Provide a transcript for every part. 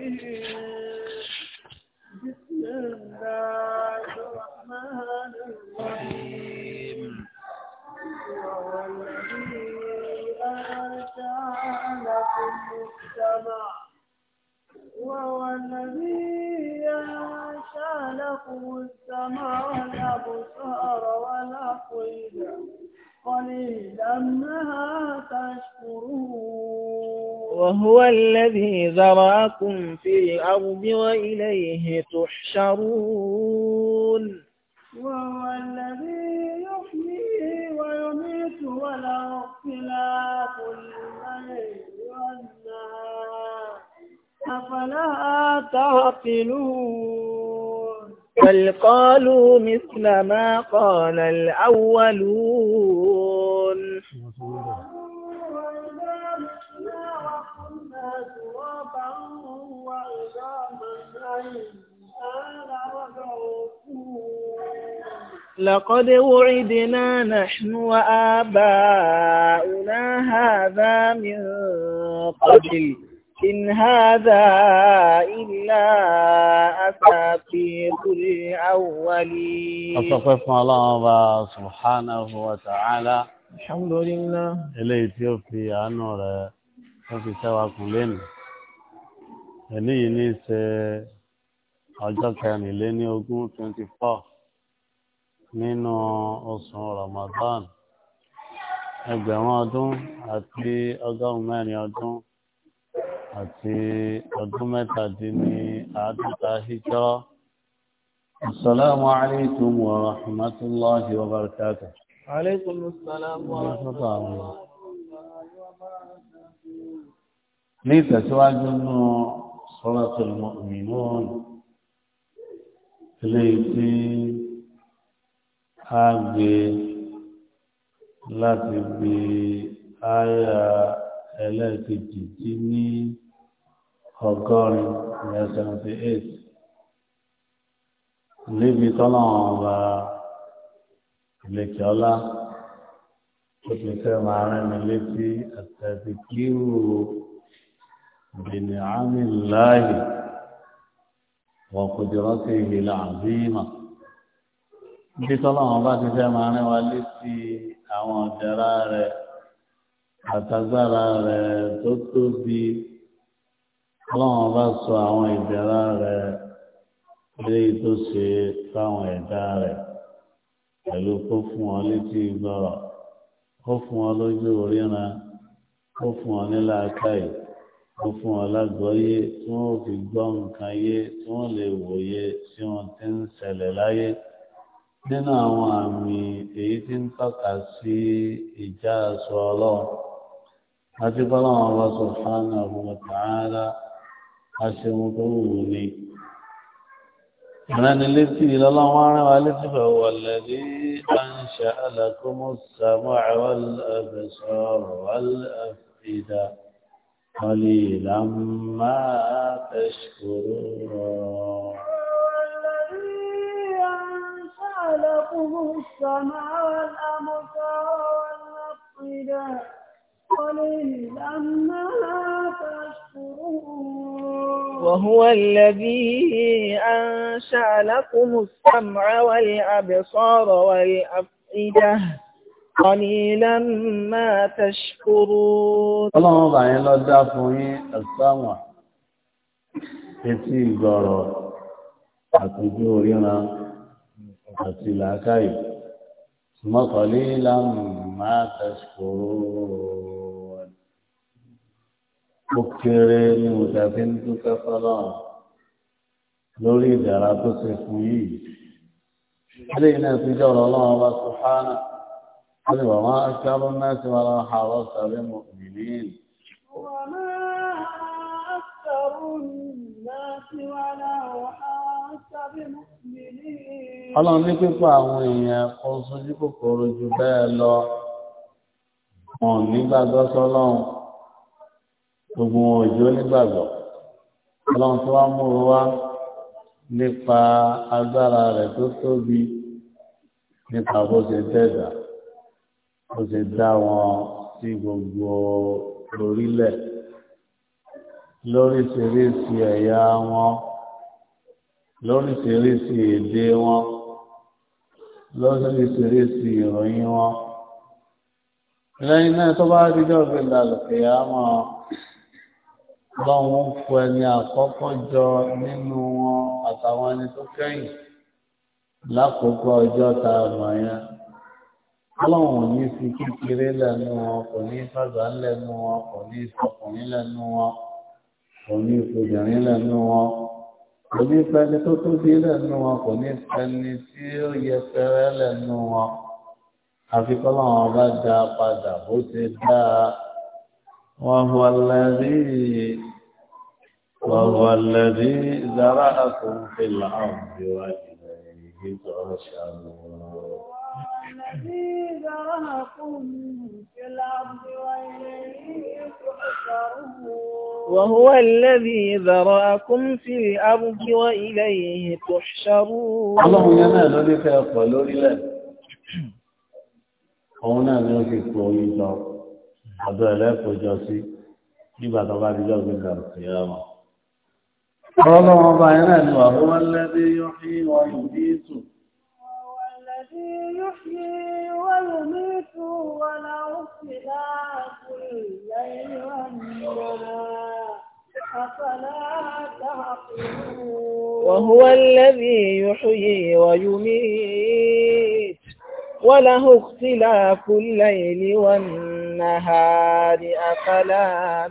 بسم الله الرحمن الرحيم وهو الذي أرجع لكم السمع وهو الذي أنشأ لكم السمع والأبصار والأفئدة قليلا ما تشكرون وهو الذي ذراكم في الأرض وإليه تحشرون وهو الذي يحيي ويميت وله اختلاف الليل والنهار أفلا تعقلون بل قالوا مثل ما قال الأولون لقد وعدنا نحن وآباؤنا هذا من قبل إن هذا إلا أساطير الأولين أصفف الله سبحانه وتعالى الحمد لله إليه تيوفي عنه تيوفي سوا كلين إليه نيس أجل كان إليه نيوغو 24 nínú oṣù Ramadan ẹgbẹ̀rún ọdún àti ọgọ́rùn mẹ́rin ọdún àti ọdún mẹ́tàdínní àádọ́ta hijọ́. Assalamu alaikum wa rahmatullahi wa barakatuh. Alaikum assalam wa rahmatullahi wa barakatuh. Ní ìtẹ̀síwájú nínú Suratul Mu'minun, ilé ìdí á gbé láti bí àyà ẹlẹ́ẹ̀kejì tí ní ọgọ́rin ìyẹn seventy eight níbi tọ́lọ́wọ́n ọba ìlẹ̀kẹ̀ ọlá ó ti fẹ́ máa rẹ́ mi létí àtẹ̀síkírù bìnnìámìláyì wọ̀kùdìrọ́tì ìlà àbímọ̀ bí tọ́lọ́wọ́n bá ti fẹ́ máa rìn wá létí àwọn ọ̀dẹ́rà rẹ̀ àtagbára rẹ̀ tó tóbi tọ́lọ́wọ́n bá sọ àwọn ìdẹ́rà rẹ̀ léyìí tó ṣe fáwọn ẹ̀dá rẹ̀ pẹ̀lú kó fún ọ létí gbọ́rọ̀ kó fún ọ lójú oríran kó fún ọ nílá akáyì kó fún ọ lágbọ́yé tí wọ́n fi gbọ́ nǹkan yé tí wọ́n lè wòye tí wọ́n ti ń ṣẹlẹ̀ láyé nínú àwọn àmì èyí tí ń tọ́ka sí ìjà aṣọ ọlọ́run àti bọ́láwọn ọba subhanahu wa ta'ala aṣeun tó wù ní. Ìrẹ́ni létí ìlọ́láwọ́ arán wa létí fẹ̀wọ̀ lẹ́bí bá ń ṣe alákòmọ́ sàmọ́ àwọn ẹ̀bẹ̀sọ̀ wàlẹ́fìdá wọlé ìlàmà tẹ̀ṣkòrò rọ̀. خلقه السماء والأمطار والأفئدة وللأمها تشكرون وهو الذي أنشأ لكم السمع والأبصار والأفئدة قليلا ما تشكرون اللهم الله يعني لو دافعين السمع etí ìgbọ̀rọ̀ àtúntò ríran àti làákàyè mọ́kànlé lánàá máa tẹ̀síkòrò ó kéré ní mùtàfí ń dúpẹ́ fọlọ́run lórí ìdára tó ṣe fún yìí eléyìí náà fi jọ̀rọ̀ ọlọ́run ọba sùhánà ó lè wà wọ́n aṣáájú náà sí wọn lọ́wọ́ àárọ̀ sàlẹ̀ mọ́ nìyí. وما أكثر الناس ولا Ọlọ́run ní pípọ̀ àwọn èèyàn kan sójú kòkòrò jù bẹ́ẹ̀ lọ. Wọ́n nígbàgbọ́ sọ́lọ́run. Gbogbo wọn òjò nígbàgbọ́. Ọlọ́run tó wá múru wá nípa agbára rẹ̀ tó tóbi nípa bó ṣe dẹ́dà. Bó ṣe dá wọn sí gbogbo orílẹ̀ lóríṣiríṣi ẹ̀yà wọn lóríṣiríṣi èdè wọn lóríṣiríṣi ìròyìn wọn lẹ́yìn náà tó bá dídọ́ fi lálùkẹ́ àmọ́ lọ́wọ́n fún ẹni àkọ́kọ́ jọ nínú wọn àtàwọn ẹni tó kẹ́yìn lákòókò ọjọ́ tá a mọ̀ yẹn ọlọ́run ní fi kékeré lẹ́nu wọn kò ní fàgbà lẹ́nu wọn kò ní fọkùnrin lẹ́nu wọn kò ní fòjìrín lẹ́nu wọn kò ní fẹni tó tóbi lẹ́nu wọn kò ní fẹni tí ó yẹpẹrẹ lẹ́nu wọn àfi kọ́lọ́ wọn bá dá padà bó ṣe dá wọn wà lẹ́rí wọn wà lẹ́rí zara àkùnfẹ́ làwọn ìwádìí rẹ̀ yìí tó ń ṣàlùwọ̀n. الذي ذرأكم في الأرض وإليه تحشرون وهو الذي ذرأكم في الأرض وإليه تحشرون اللهم ينال بك يقول لله òun náà ni ó fi kó oyin lọ ọ̀dọ̀ ẹlẹ́kọjọ sí nígbà tó bá di lọ́gbìn náà sí ọmọ. ọlọ́wọ́n ọba yẹn náà ni wà fún wọn lẹ́bí yóò fi wọ́n yìí bí tù. وهو الذي يحيي ويميت وله اختلاف الليل والنهار أفلا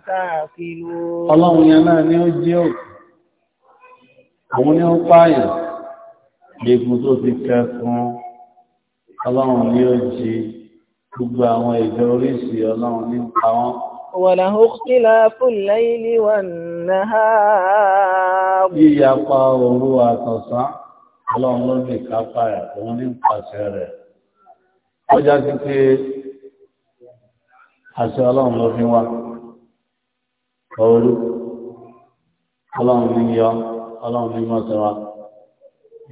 تعقلون الله يا مان يوجيو àwọn ni ó ọlọ́run ní ó jí gbogbo àwọn ìjọ oríṣi ọlọ́run ní pa wọ́n. وله اختلاف الليل والنهار Yíyapa òru àtọ̀sán, ọlọ́run ló ní ìkápá ẹ̀, òun ní pàṣẹ rẹ̀. Ó já sí pé àṣẹ ọlọ́run ló fi wá. ọlọ́run ní yọ, ọlọ́run ní mọ́sẹ̀ wa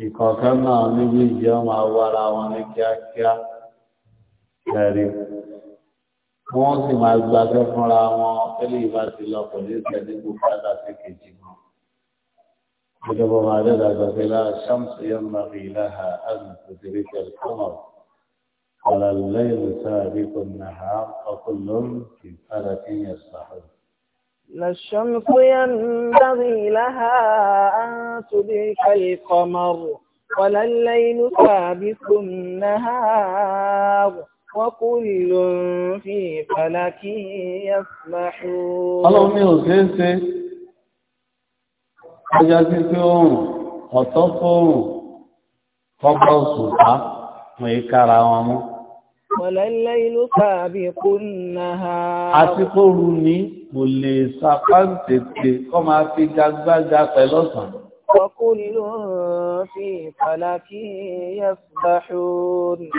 ìkọ̀ọ̀kan náà níbi ìjẹ́ ọmọ awara wọn ní kíákíá ẹ̀rí wọ́n sì máa gbàgbé fúnra wọn tẹ́lẹ̀ ìbá ti lọ pẹ̀lú ìtẹ̀lé gbogbo padà sí kejì mọ́. Ìjọba máa dẹ́gbà gbàgbé lára ṣáàmùsù yẹn máa fi ìlàhà àmì tòṣèré pẹ̀lú kọ́mọ̀. Ọ̀làlẹ́yìn sáà bí kò nàá ọkùnrin lórí kì í padà kí yẹn sàhùn. لا الشمس ينبغي لها أن تدرك القمر ولا الليل سابق النهار وكل في فلك يسبحون اللهم يوسف ọjọ́sí pé oòrùn ọ̀tọ́ fóòrùn kọ́kọ́ òṣùpá mọ̀ ìkára wọn mú. wọ̀lẹ́lẹ́ ìlú tàbí kó náà. àti kó rú ní kò lè sapá tètè kọ́ máa fi gagbága pẹ̀lọ́sàn. Ọkùnrin fi ìpàlà kí yẹ fàṣọ.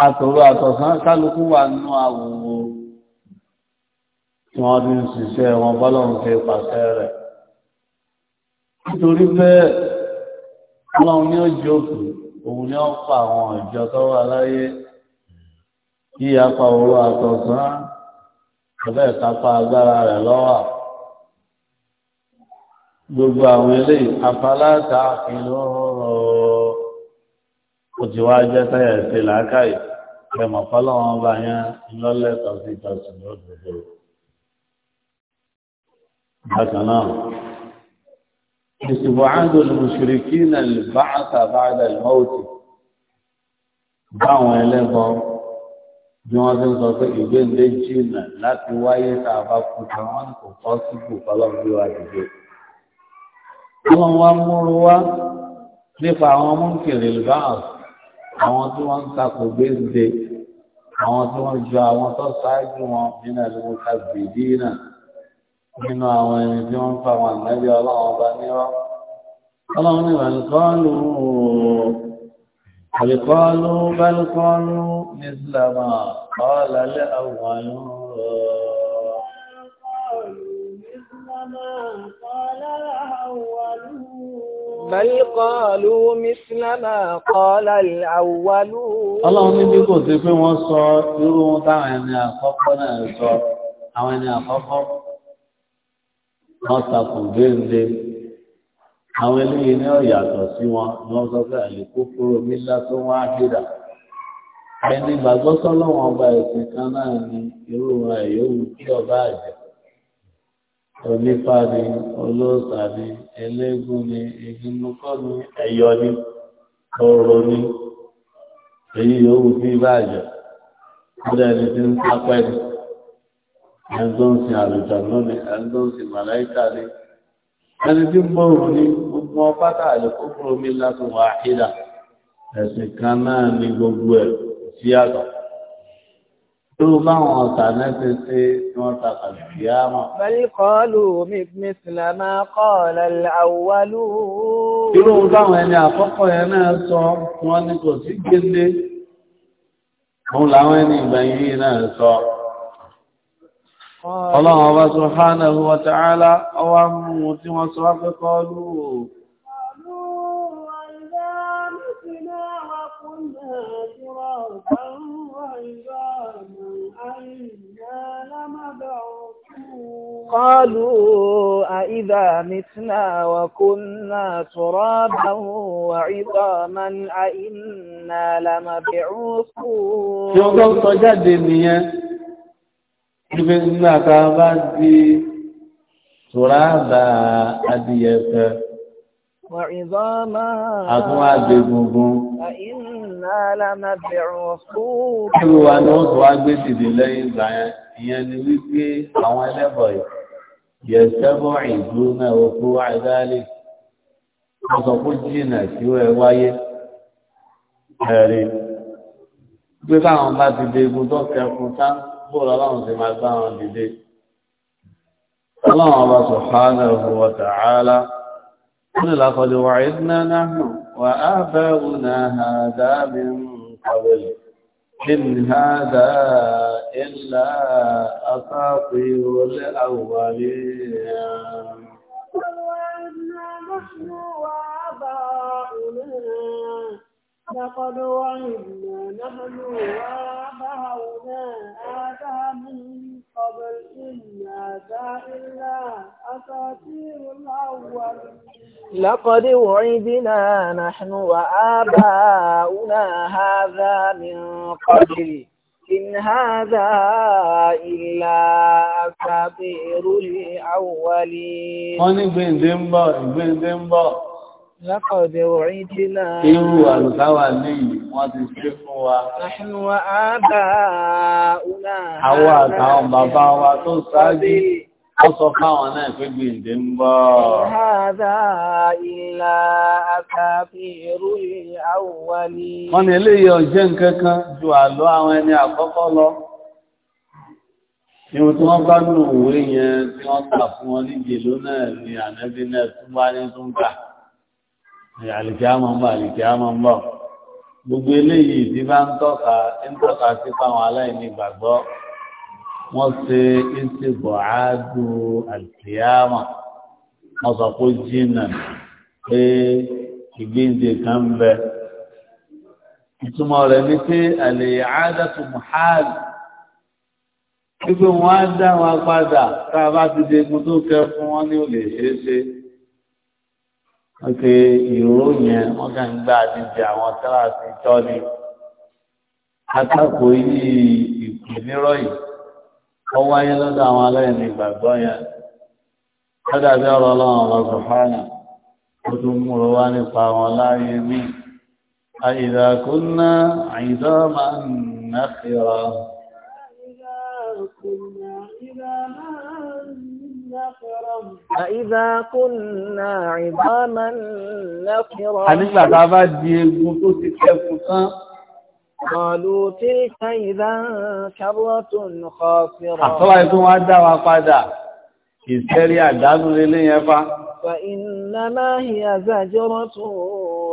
Àtòrò àtọ̀sán kálukú wà nínú àwòwò tí wọ́n ti ń ṣiṣẹ́ wọn bọ́lọ́run fi pàṣẹ rẹ̀. Nítorí pé ọlọ́run ní ọjọ́ òkú, òun ni ó pa àwọn ìjọ tó wà láyé. Yíyapa òru àtọ̀sán bẹ́ẹ̀ kápá agbára rẹ̀ lọ́wọ́ gbogbo àwọn eléyìí afaláta ìlú ó ti wá jẹ́ táyà ìpè làákàyè kẹmọ̀ fọlọ́wọ́n bá yẹn lọ́lẹ̀ tọ́sí tọ́sí lọ́dọ̀dọ̀. bákan náà ìsìnkú àádọ́ lùmùsùlùkì náà lè bá àtàbà àdàlmọ́ọ̀tì báwọn ẹlẹ́gbọ́n bí wọ́n ti ń sọ pé ìgbéǹde jìnnà láti wáyé tá a bá kú ta wọ́n kò kọ́ síbù fọlọ́gbé wa dìde. wọ́n wá múru wá nípa àwọn múnkìrì lbáàs àwọn tí wọ́n ń takò gbéǹde àwọn tí wọ́n ju àwọn tó ṣáájú wọn nínú ẹ̀lẹ́wọ̀n ká bìdí náà nínú àwọn ẹni tí wọ́n ń fa àwọn àgbẹ̀bí ọlọ́run ọba níwọ́. ọlọ́run ní ìwà nìkan lò ó àbí kọ́ọ̀lù bẹ́ẹ̀ kọ́ọ̀lù ní ìsìlámà kọ́ọ̀lù alẹ́ àwọn ọ̀rọ̀. Bẹ́ẹ̀ kọ́ọ̀lù mísìlámà kọ́ọ̀lù àwọ̀lù. Ọlọ́run ní bí kò sí pé wọ́n sọ irú ohun táwọn ẹni àkọ́kọ́ náà sọ, àwọn ẹni àkọ́kọ́. Wọ́n takùn gbé àwọn eléyìí náà yàtọ̀ sí wọn ni wọ́n sọ pé àlékún kúrò nílá tó wá àkídà ẹni gbàgbọ́ sọ́lọ́wọ́n ọba ẹ̀sìn kan náà ni irú wọn ẹ̀yọ́wù kí ọba àjẹ́ onífá ni olóòṣà ni ẹlẹ́gùn ni ìgbìmọ̀kọ́ ni ẹ̀yọ ni ọ̀rọ̀ ni èyí yòówù kí bàjẹ́ kódà ẹni tí ń sápẹ́ ni ẹni tó ń sin àlùjọ náà ẹni tó ń sin màláìkà ni ẹni tí gbọ́rùn ní gbogbo ọpátá àyẹ̀kọ́ fún omi látún wà ìdá ẹ̀sìn kan náà ní gbogbo ẹ̀ sí àtọ̀ tó báwọn ọ̀tà mẹ́sẹ̀ sí tí wọ́n ta kàlùfì àmọ́. bẹ́ẹ̀ kọ́ọ̀lù omi mísìlá máa kọ́ ọ̀lẹ́lẹ́ àwọ̀wálú. irú báwọn ẹni àkọ́kọ́ yẹn náà sọ wọn ni kò sí gbélé òun làwọn ẹni ìgbà yìí náà sọ ọlọ́run ọba subhanahu wa ta'ala ọwá mú tí wọ́n sọ wápẹ́ kọlu قالوا أئذا متنا وكنا ترابا وعظاما أئنا لمبعوثون Ibi nígbà tá a bá di tùràdà adìyẹ fẹ́. Àtún àgbè gungun. Irú wa ni ó tún wá gbé dìde lẹ́yìn ìgbà yẹn. Ìyẹn ni wípé àwọn ẹlẹ́bọ̀ yìí. ìlú náà ó kó Wọ́n sọ pé jìnnà tí ó ẹ wáyé. Ẹ̀rí. Gbé káwọn bá ti dé egun tó kẹkùn sáà bóòlù ọlọ́run ti máa gbá wọn dìde ọlọ́run ọba subhanahu wa ta'ala قل لقد وعدنا نحن وآباؤنا هذا من قبل إن هذا إلا أساطير الأولين لقد وعدنا نحن وآباؤنا هذا من قبل إن هذا إلا أساطير لقد وعدنا نحن وآباؤنا هذا من قبل إن هذا إلا أساطير الأولين. wọ́n ní gbèǹdé ń bọ̀ Lákọ̀dẹ̀ orin tí náà. Ewu àlùkáwà lẹ́yìn wọ́n ti ṣe fún wa. Láhínú wa á bá ọ̀nà. Àwọn àtàwọn bàbá wa tó sáájú, wọ́n sọ fáwọn náà pé gbìndé ń bọ̀. Ìhádá ìlà àkàfẹ́rú àwọ̀wálé. Wọ́n ní eléyìí ọ̀jẹ́ nǹkan ju àlọ́ àwọn ẹni àkọ́kọ́ lọ. Ìwọ̀n tí wọ́n bá nù òwe yẹn tí wọ́n kà fún wọn ní àlìkíámọ̀ ń bọ̀ àlìkíámọ̀ ń bọ̀ gbogbo eléyìí tí bá ń tọ́ka ń tọ́ka sí fáwọn aláìní gbàgbọ́ wọ́n ṣe ìṣègbọ̀ àádó àlìkíámọ̀ wọ́n sọ pé jìnnà pé ìgbéǹde kan ń bẹ ìtumọ̀ rẹ̀ ni pé àlè àádọ́tù muhàlì wípé wọ́n á dá wọn padà tá a bá ti dé egun tó kẹ fún wọn ní ò ṣeé ṣe wípé ìró yẹn wọ́n kàn ń gbà níbi àwọn kíláàsì tọ́ni akákòó yìí ìpínlẹ̀ yìí wọ́n wáyé lọ́dọ̀ àwọn aláìní ìgbàgbọ́ yẹn lọ́dọ̀ àbí ọ̀rọ̀ ọlọ́run ọ̀rọ̀ sọ̀fánà ó tún múrò wá nípa àwọn láàyè míì àìdàkúnná àìdọ́ máa ń nàkìrọ̀ فإذا كنا عظاما نخرا حنيفة بابا ديغو تو تي كفوسان قالوا تلك إذا كرة خاسرة àtọ́wà ikú wọ́n dá wa padà ìsẹ́rí àdánù lélé yẹn fa فإنما هي زجرة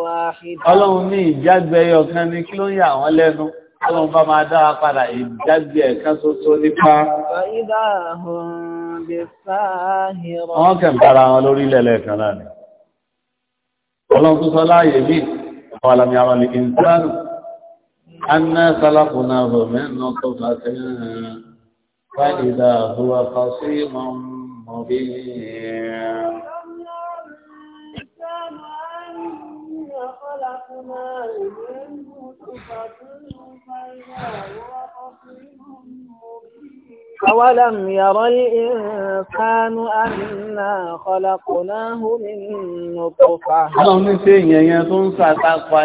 واحدة ọlọ́run ní ìjágbẹ́ ọ̀kan ní kí ló ń yà wọ́n lẹ́nu ọlọ́run bá máa dá wa padà ìjágbẹ́ ẹ̀kan ṣoṣo nípa فإذا هم wọ́n kẹ̀ ń bára wọn lórí ilẹ̀ kan náà ni ọlọ́run tó sọ láàyè bí àwọn alàmì àwọn lè ń sáré anna sálàkùnà rọ̀mẹ́ náà tó bá tẹ́ fáìdà àbúwà fásímọ̀ mọ̀bí خلقنا من نطفة بين أولم ير الإنسان أنا خلقناه من نطفة. Àwọn oníṣẹ́ ìyẹn yẹn tó ń sàtakọ̀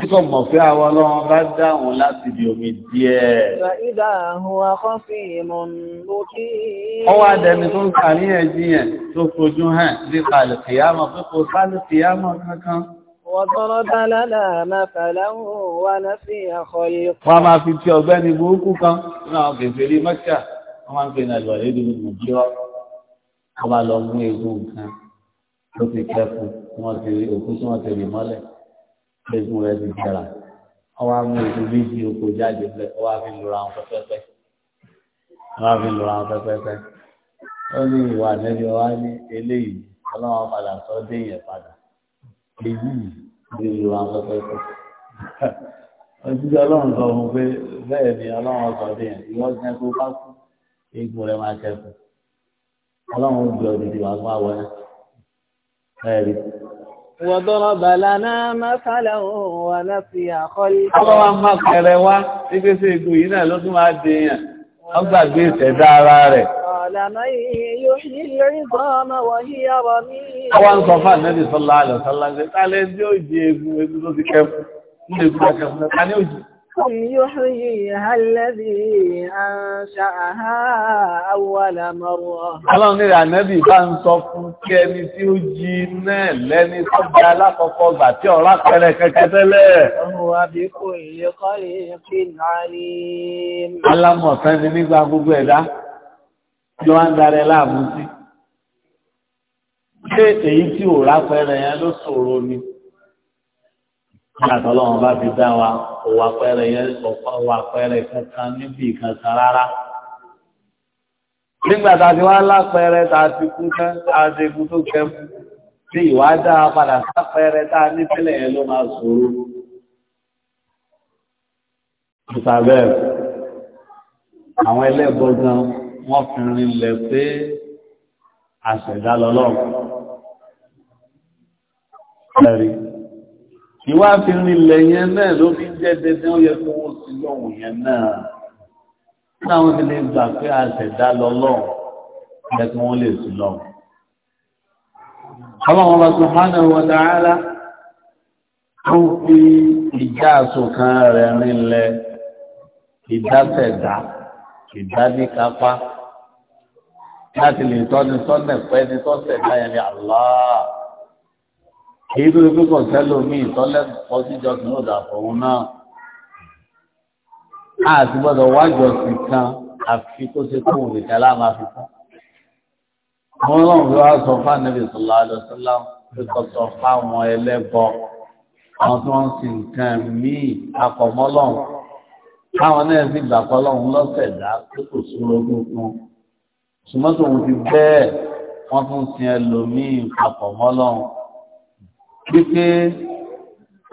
Kíkọ̀ mọ̀ fẹ́ àwọn ọlọ́run bá dáhùn láti di omi díẹ̀. Ó wá dẹni tó ń kà ní ẹ̀jí yẹn tó fojú hàn nípa àlùkìyàmọ̀ pé kò sálùkìyàmọ̀ kankan. Wọ́n máa fi tí ọgbẹ́ni burúkú kan náà kèfèrí mọ́ṣà, wọ́n máa ń pè ní àlùwàlẹ́ ìdúró Nàìjíríà. Wọ́n bá lọ mú egun nǹkan tó ti kẹ́kùn tí wọ́n ti rí òkú tí wọ́n ti rí mọ́lẹ̀ fẹsùn rẹ ti dára ọwọ́ amú ètò méjì oko jáde lẹ ọwọ́ àfi lura àwọn pẹpẹpẹ ọwọ́ àfi lura àwọn pẹpẹpẹ ó ní ìwà nẹbi ọwọ́ ní eléyìí ọlọ́wọ́ padà sọ déyìn padà èyí ní lura àwọn pẹpẹpẹ ojúṣe ọlọ́run sọ fún pé bẹ́ẹ̀ ni ọlọ́run sọ déyìn ìwọ jẹ́ kó bá kú eégún rẹ máa kẹ́kọ̀ọ́ ọlọ́run ó gbé ọdún ìdìbò àgbà wọlé bẹ́ẹ̀ rí وضرب لنا مثلا ونسي خلقه àwọn ọmọ kẹrẹ wá wípé sí igun yìí náà ló tún máa di èèyàn wọ́n gbàgbé ìṣẹ̀dá ara rẹ̀. àwọn ń sọ fún ànẹ́bí sọ́lá àlọ́sọ́lá ń sẹ́ tálẹ́ tí ó jẹ يحييها الذي أنشأها أول مرة Ọlọ́run ní ànábì bá ń sọ fún kí ẹni tí ó jí náà lẹ́ni tó jẹ́ alákọ̀ọ́kọ́ gbà tí ọ̀rá pẹ̀rẹ̀ kẹ́kẹ́ tẹ́lẹ̀. Ọwọ́ bí Ṣé èyí nígbà tọ́lọ́wọ́n bá fi dá wa òwò àpẹẹrẹ yẹn ọ̀pọ̀ òwò àpẹẹrẹ kankan níbi ìkankan rárá. nígbà tá a ti wá lápẹẹrẹ tá a ti kú tẹ́ tá a ti kú tó kẹ́ tí ìwà dá a padà sápẹẹrẹ tá a ní sílẹ̀ yẹn ló máa sòrò. ìsàbẹ̀ àwọn ẹlẹ́gbọ́n gan wọ́n fi rinlẹ̀ pé àṣẹ̀dá lọ́lọ́run ìwà fi rinlẹ̀ yẹn náà ló fi jẹ́ dandan ó yẹ kó wọ́n sí lọ́wọ́ yẹn náà láwọn ti lè gbà pé àṣẹ̀dá lọ́lọ́ọ̀ yẹ kí wọ́n lè sí lọ́wọ́. Ọlọ́run ọba Subhanahu wa ta'ala ó fi ìjà àsòkan rẹ̀ rinlẹ̀ ìdásẹ̀dá ìdáníkápá láti lè tọ́ni sọ́nà pẹ́ni tọ́sẹ̀dá yẹn ni Allah èyí tó lókè kàn tẹ́lẹ̀ omi ìtọ́lẹ̀ pọ̀ sí ìjọsìn náà dàpọ̀ òun náà a ti gbọ́dọ̀ wájú ọ̀sìn kan àfi kó ṣe kó òun nìkan láàmú àfi kan. àwọn ọlọ́run fi wá sọ fún ànábì sọlá àdọ́sọ́lá pé kò sọ fáwọn ẹlẹ́bọ àwọn tí wọ́n ń sin nǹkan míì akọ̀mọ́lọ́run káwọn náà sì gbà pé ọlọ́run lọ́sẹ̀ dá pé kò súnrogún fún ṣùgbọ́n tóun ti bẹ́ẹ̀ wọ́n tún sin ẹlòmíì akọ̀mọ́lọ́run wípé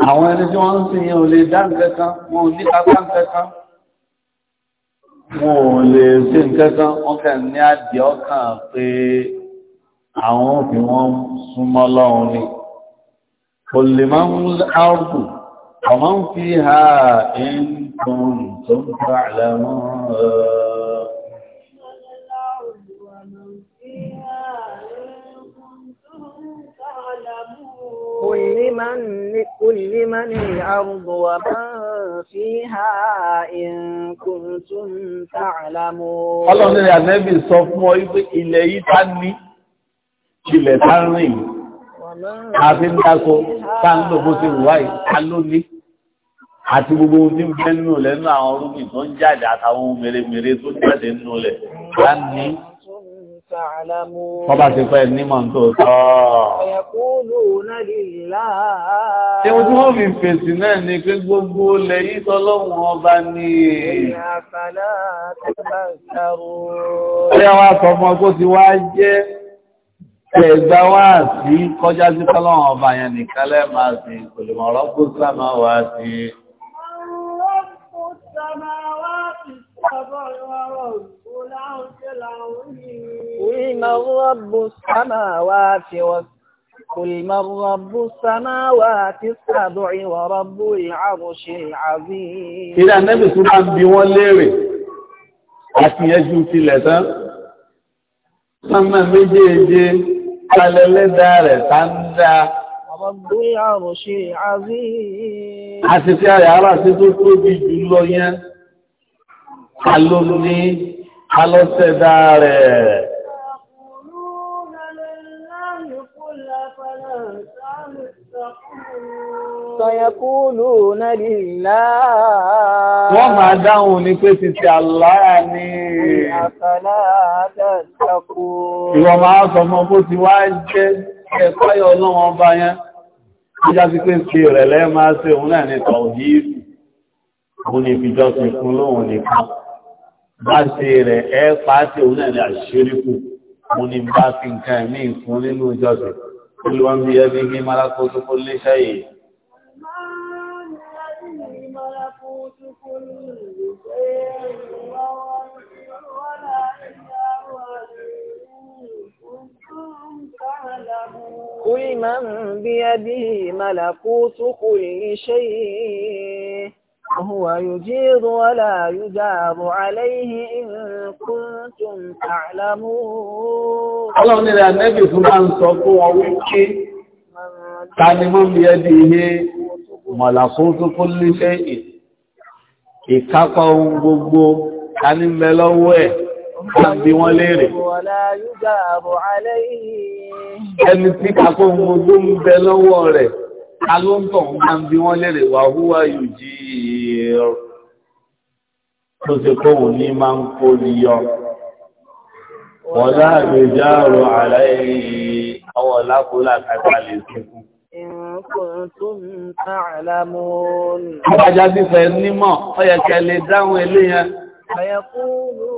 àwọn ẹni tí wọ́n ń sin yẹn ò lè dá nǹkankan wọn ò ní apá nǹkankan wọn ò lè sí nǹkankan wọ́n ní àdìẹ ọkàn pé àwọn òfin wọn súnmọ́ lọ́run ni kò lè máa ń áàbù ọmọ fi ha ẹ̀ ń tún tó ń fà lẹ́mọ́ ẹ̀ قل لمن الأرض ومن فيها إن كنتم تعلمون ọlọ́run ní ànẹ́bì sọ fún ọ wípé ilẹ̀ yìí tá ní ilẹ̀ tá rìn àti ńdáko tá ń lò bó ti wù wáyé ta ló ní àti gbogbo ohun tí ń bẹ nínú lẹ́nu àwọn orúkì tó ń jáde àtàwọn ohun mèremère tó jáde nínú lẹ̀ tá ní. Wọ́n bá ti pẹ́ nímọ̀ tó sọ. Ṣé ojú wọ́n fi fèsì náà ni pé gbogbo lẹ́yìn tọ́lọ́wọ́n ọba ni. Ṣé wá sọ fún ọkọ́ ti wá jẹ́ ẹgbà wá sí kọjá sí tọ́lọ́wọ́n ọba yẹn nìkan lẹ́màá sí kòlùmọ̀rọ́ kó sámà wá sí. Ọlọ́pù sámà wá sí ọ̀bọ̀ ìwọ̀rọ̀ òun láhùn قل من رب السماوات قل من رب السماوات السبع ورب العرش العظيم إلى النبي صلى الله عليه وسلم بيوان àti ẹjú tilẹ̀ tán sánmà méjèèjì alẹ́lẹ́dà rẹ̀ tá ń dá àti tí a rẹ̀ ara sí tó tóbi jù lọ yẹn alóní alọ́sẹ̀dá rẹ̀ Sọ̀yẹ̀kúlùúnà lílá. Wọ́n máa dáhùn ní pé ti ti Allah ni. Àkàlá àtàkù. Ìwọ máa sọ mọ́ bó ti wá jẹ́ ẹ̀kọ́ yọ lọ́wọ́n bá yẹn. Ìjá sí pé ti rẹ̀ lẹ́ máa ṣe òun náà ní tọ̀hìdì. Òun ni ìfijọ́sìn fún lóhun nìkan. Bá ṣe rẹ̀ ẹ́ pàá sí òun náà ní àṣírí kù. Òun ni bá fi nǹkan ẹ̀mí ìfún nínú ìjọ́sìn. كل من بيده ملكوت كل شيء كل من بيده ملكوت كل شيء هو يجير ولا يجاب عليه إن كنتم تعلمون الله نرى النبي سبحانه سوكو ووكي كان من بيده ملكوت كل شيء ìkápá ohun gbogbo ta ní ń bẹ lọ́wọ́ ẹ̀ láti wọ́n léèrè. ẹni alóńtọ̀ máa ń bí wọ́n lérè wà húwà yóò jí ẹ̀rọ tó ṣe kó wù ní máa ń kó ní yọ wọ́lá àgbèjá ọ̀rọ̀ ààrẹ àwọn ọ̀làkúlà kàkà lè sunkún. Ọbàjá ti fẹ́ nímọ̀, ó yẹ kẹ́ lè dáhùn eléyẹn. Àyẹ̀kú rú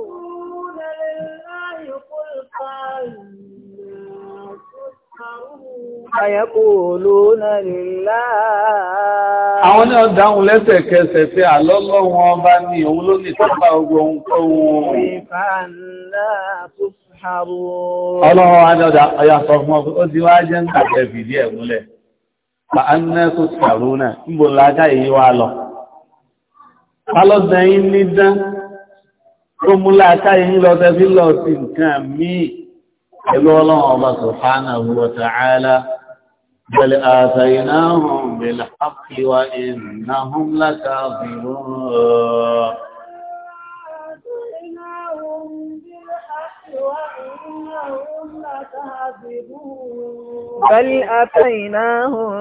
lẹ́lẹ́ láyé kó lè Àwọn ní ọ̀dáhùn lẹ́sẹ̀kẹsẹ̀ pé ní òun ló ní tọ́pá ogun ohun wọn. Ọlọ́run wá ní ọ̀dá ọya fún ọkùn, ó ti wá jẹ́ ń tàbẹ̀ fìdí ẹ̀ múlẹ̀. Pa á ní ẹ́sùn ṣàrú náà, ń bò lágá èyí wá lọ. Alọ́dẹ̀ yín ní dán, mú èyí lọ lọ ọba بل آتيناهم بالحق وإنهم لكاذبون بل أتيناهم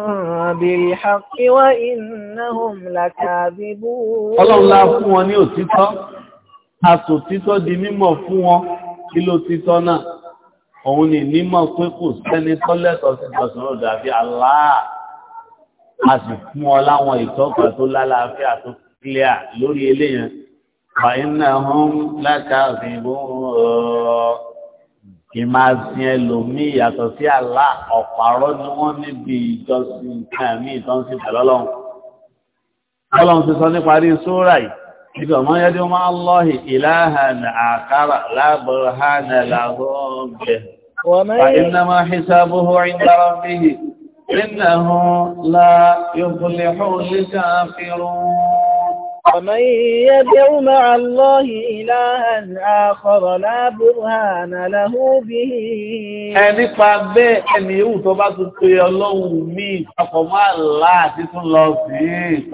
بالحق وإنهم لكاذبون Ọlọ́run la fún wọn ní òtítọ́, a tòtítọ́ di mímọ̀ fún òun ni nímọ̀ pé kò sẹ́ni tọ́lẹ́tọ̀ sí ìjọsìn rò dàbí Allah a sì fún ọ láwọn ìtọ́ka tó lálàáfíà tó kílíà lórí eléyàn fàyínà hàn látàrí ìbúrò kì máa sin ẹlòmíì yàtọ̀ sí Allah ọ̀pàrọ̀ ni wọ́n níbi ìjọsìn nǹkan mi ìtàn sí pẹ̀lọ́lọ́run ọlọ́run ti sọ níparí sóra yìí Ìgbà máa yẹ́ dí wọ́n máa lọ́hì ìlàhàn àkàrà lábọ̀rọ̀ hàn láàrọ̀ ọ̀gbẹ̀. ومن فإنما حسابه عند ربه إنه لا يفلح الكافرون ومن يدع مع الله إلها آخر لا برهان له به ẹni pa bẹ́ẹ̀ ẹni yóò tó bá tún pé ọlọ́run mi ọkọ̀ máa là àti tún lọ sí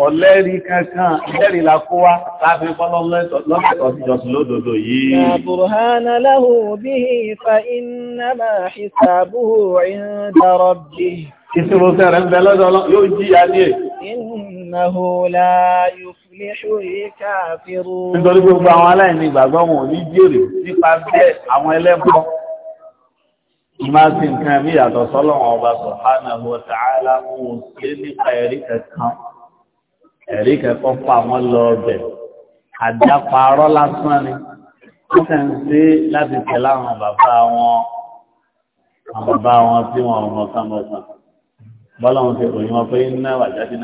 ọlẹ́rí kankan ìlẹ́rí la kó wá láti fọ́lọ́lọ́tọ̀ ìjọsìn lódodo yìí. لا برهان له به فإنما حسابه عند ربه. ìṣirò sẹ́rẹ̀ ń bẹ lọ́dọ̀ yóò jí adé. إنه لا يفلح nítorí gbogbo àwọn aláìní ìgbàgbọ́ wọn ò ní jèrè nípa bẹ́ẹ̀ àwọn ẹlẹ́bọ ìmáàsí nǹkan ẹ̀mí ìyàtọ̀ sọ́lọ́wọ́n ọba subhanahu wa ta'ala mú sí nípa ẹ̀rí kẹ̀kan ẹ̀rí kẹ̀kọ́ fà wọ́n lọ ọbẹ̀ àdáparọ́ lásán ni wọ́n kàn sí láti tẹ̀lé àwọn bàbá wọn àwọn bàbá wọn tí wọn ò mọ̀ sánmọ́sán bọ́lá wọn ti ròyìn pé iná wàjáde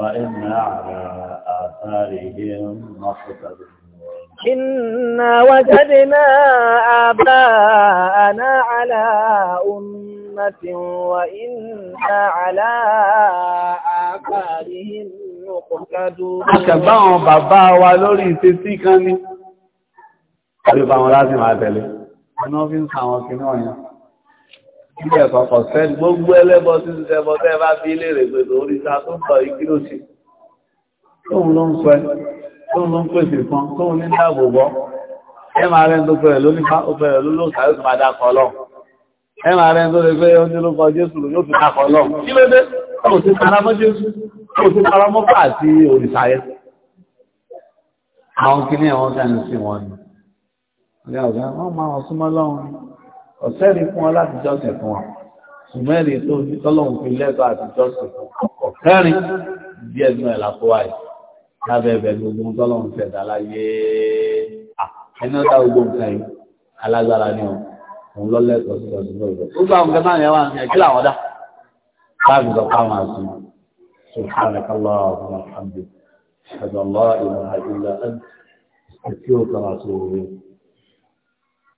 وإنا على آثارهم مقتدون إنا وجدنا آباءنا على أمة وإنا على آثارهم مقتدون أكبرهم بابا ولوري سيسي كاني أبي بامرازي ما تلي أنا في سامو كنوانيا ilé ẹ̀kọ́ kọ̀ sẹ́ni gbogbo ẹlẹ́bọ tí ń sẹ́bọ tẹ́ ẹ bá fi léèrè pé lórí ta tó ń tọ̀ yìí kí ló ṣe tóun ló ń pẹ tóun ló ń pèsè kan tóun ní dáàbò bọ́ ẹ máa rẹ́ ń tó pẹ̀rẹ̀ lóní bá ó pẹ̀rẹ̀ lóló sáré tó máa dákọ̀ lọ ẹ máa tó lè pé ó ní lókọ Jésù ló fi dákọ̀ lọ kí kò sí paramọ́ Jésù kò sí paramọ́ bá àti òrìṣà àwọn kìnìún ẹ̀wọ̀n kan sí wọn ni wọ́n máa wọ́n súnmọ́ lọ́wọ́ ọ̀sẹ́ni fún wọn láti jọ́sìn fún wọn ṣùgbẹ́rin tó fi tọ́lọ́hùn fi lẹ́tọ̀ àti jọ́sìn fún ọkọ̀ kẹrin bí ẹnu ẹ̀ lápò wáyé lábẹ́ ẹ̀bẹ̀ gbogbo tọ́lọ́hùn fẹ̀dá láyé ẹni ọ̀dà gbogbo nǹkan yìí alágbára ni ọ̀ òun lọ́lẹ́tọ̀ sí ọdún lọ́dọ̀ gbogbo àwọn kẹfà yẹn wà ní ẹ̀kí làwọn dá láàbì sọ fáwọn àti سبحانك اللهم وبحمدك اشهد ان لا اله الا انت استغفرك واتوب